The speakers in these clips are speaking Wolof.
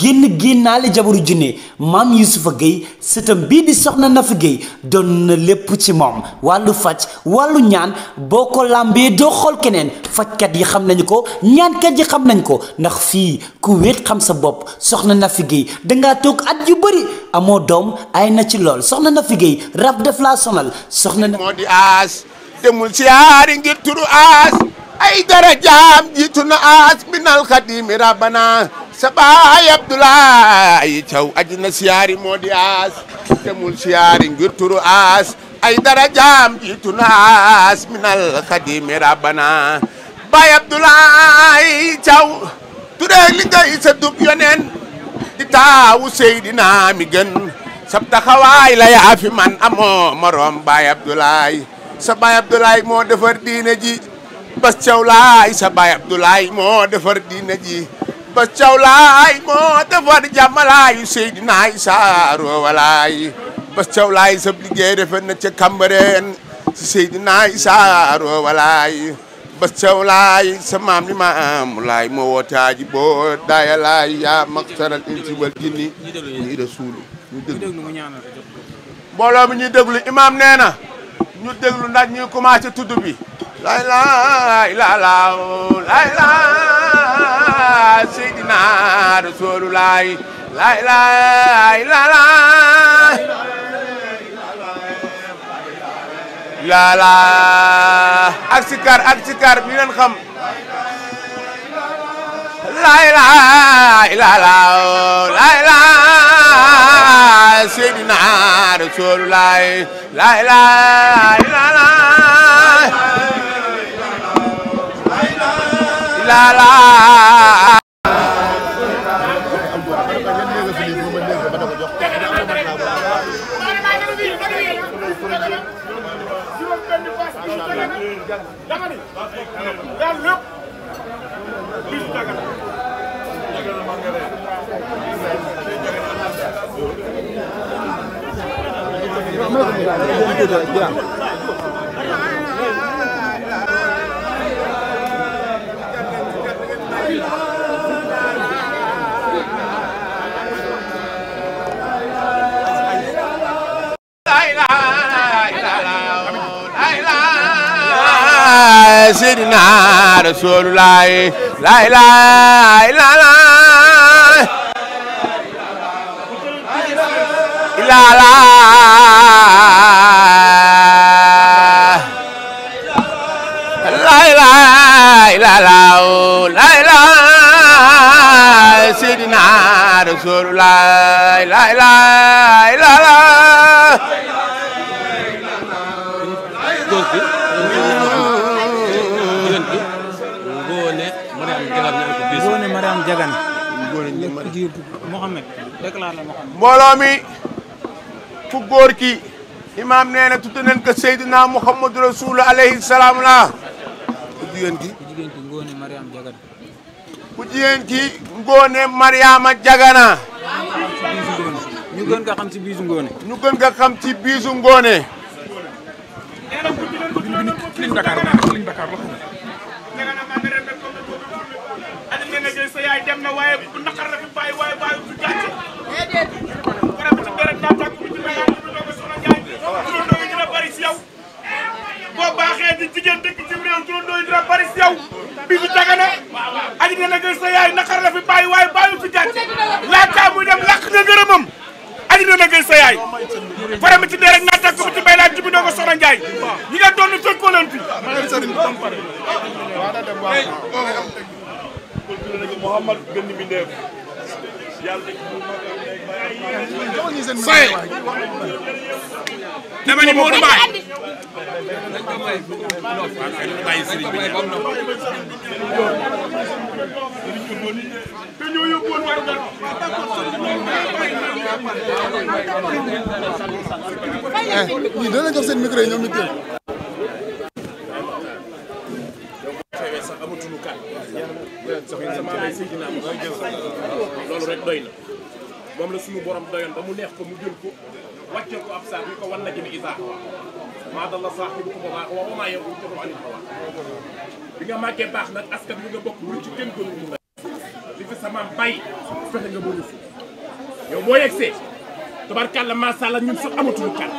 génn génnaale jabaru junne maam Youssoufa Gueye sëtam bii di soxna Nafi Gueye doon na lépp ci moom wàllu faj wàllu ñaan boo ko làmbee doo xool keneen fajkat yi xam nañu ko ñaankat yi xam nañ ko ndax fii ku wéet xam sa bopp soxna Nafi Gueye dangaa toog at yu bëri amoo doom ay na ci lool soxna Nafi Gueye rab def laa sonal soxna moo di aas demul si aari ngir turu aas ay dara jaam jiitu na aas minal xadimi rabbana sa baay Abdoulaye Thiaw aj na siyaari moo di aas demul siyaari ngir turu aas ay darajaam jiitu naas minal xadimi rabbana baay Abdoulaye Thiaw ture li ngay sa dub yoneen di taawu Seydina mi gën sab taxawaay la yaa fi man amoo moroom baay Abdoulaye sa baay moo defar diine ji bas Thiaw laay sa baay moo defar diine ji ba caw laay moo defar jàmmalaayu Seydina Issa Roowalaay ba caw laay sab liggéey defe na ca Cambérène si Seydina Issa Roowalaay ba caw laay sa maam li maam laay moo wootaaji boo daaya laay yaa maxsaral insi wal jinni ñi rasuulu ñu mi ñuy déglu imaam nee ñu déglu ndax ñuy commencé tudd bi lay laay laa laaw lay سيدنا رسول الله لا إله إلا الله لا لا ak sikar ak sikar mi leen xam لا إله إلا الله لا إله سيدنا رسول الله لا إله إلا الله لا لا Seydina Rasulullah la ilaha illallah mbooloo mi ku góor ki imaam nee na tudd nañ ko Seydina Mouhamadou Rasoul alayhi salaam la Ndiaye ñi nga doon fekkoo leen fi. Mouhamad gën di bindeef Soye. dama ni Modou dañoo yóbbuwoon wargal ñii dana jox seen micro yi ñoom loolu rek doy na moom la suñu borom doyoon ba mu neex ko mu jël ko wàccee ko ab saar ni ko wan na jëmi Isaaxa maa dalla saahibukum wa maa yantiqu anil hawaa bi nga màggee baax nag askan bi nga bokk lu ci kenn gënu mu la li fi sa maam bàyyi fexe nga bëri fi yow boo yegsee tubarkàlla maa sha Allah ñun sax amatuñu kàddu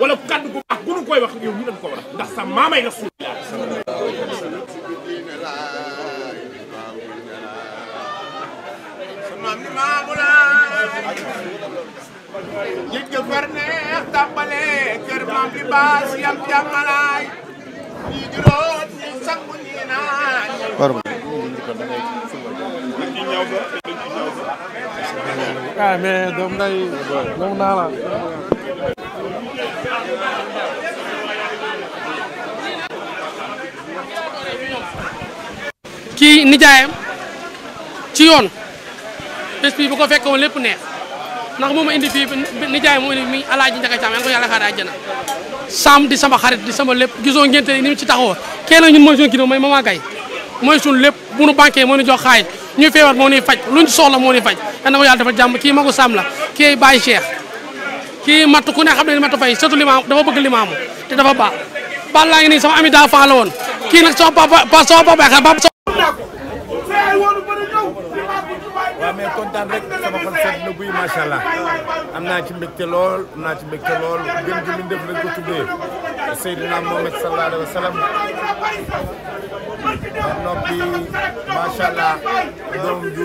wala kàddu bu baax bu nu koy wax yow ñu dañ ko war a ndax sa maamay rasulillah sa maam ni maamula nit ah, kii nijaayam ci yoon bés bi bu ko fekkoon lépp neex ndax moom indi fii nijaay moom indi mi alaaji Njaga Caam yal ko yàlla xaare àjjana saam di sama xarit di sama lépp gisoo ngénte ni mu ci taxawoo kenn ñun mooy suñu kii mooy Mama Gaye mooy suñu lépp bu nu banqué moo ñu jox xaalis ñu feebar moo ñuy faj luñ soxla moo ñuy faj yal na ko yàlla dafa jàmm kii magu saam la kii ay Baye kii matt ku ne xam ne matt fay surtout limaam dafa bëgg limaamu te dafa baax bal laa ngi nii sama ami daa faa la woon kii nag sama papa sama papa kontaan rek sama xol seet na guy macha am naa ci mbégte lool am naa ci mbégte lool gën gi min def lañ ko tuddee Seydina Mohamed ju doom ju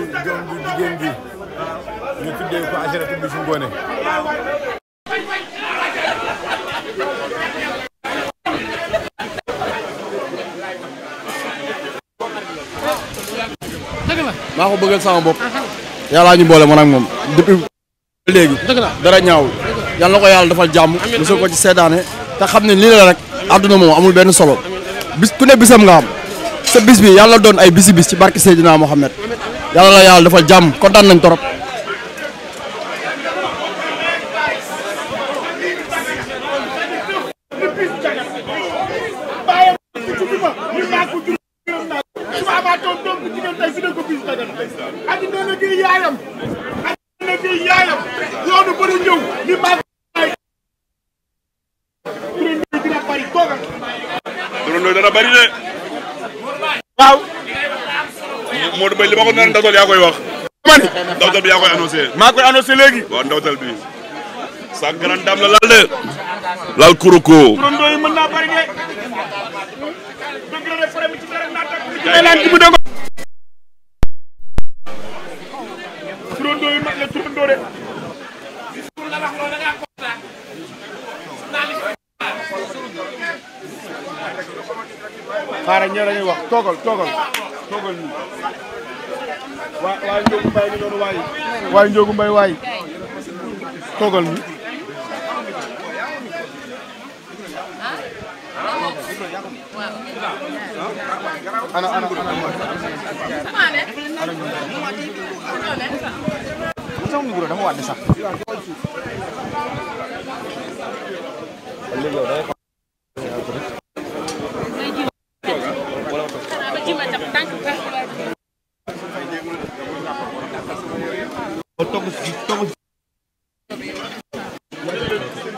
jigéen gi ñu tuddee ko Ajaratu sama bopp yàllaa ñu boole man ak moom depuis léegi dara ñaawul yàlla ko yàlla defal jàmm mosul ko ci seedaane te xam ne lii la rek àdduna moom amul benn solo bis ku ne bisam nga am sa bis bi yàlla doon ay bisi bis ci barke Seydina Mohamed yàlla la yàlla defal jàmm kontaan nañ torop noonu ba ñu bari de. waaw. Modou Mbaye li ma ko nar ndawtal yaa koy wax. man ndawtal bi yaa koy annoncé. maa koy annoncé léegi. waaw ndawtal bi. sa grande la lal de. lal kuroko. turandoo yi mën naa bari de. dëgg la de problème bi ci dara naa tàkk. xaaral ñëw dañuy wax toogal toogal toogal ñu waa waa Ndiogu Mbaye ñu toogal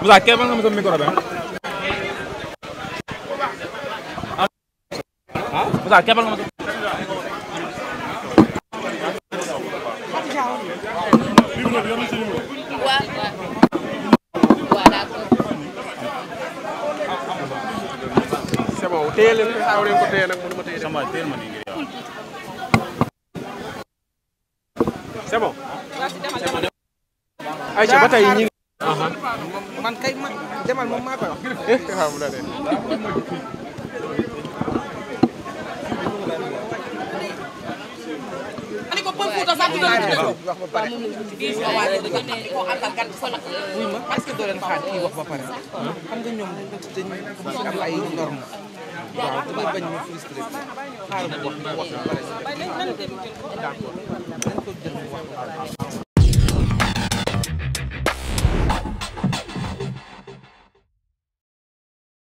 Moussa kay ma nga ma sa micro bi ah. ah Moussa kay ma nga ma sa. c'est bon téye leen aw leen ko téye nag mënuma téye sama téye ma nii ngir yow. c'est bon. ayca ba tey ñi man kay ma demal moom maa wax. Eh? pare wuy ma parce que doo kii wax ba pare xam nga ñoom dañu am ay normes waaw damay bañ ma frustré xaaral wax wax ba pare d'accord nañ ko jël wax ba pare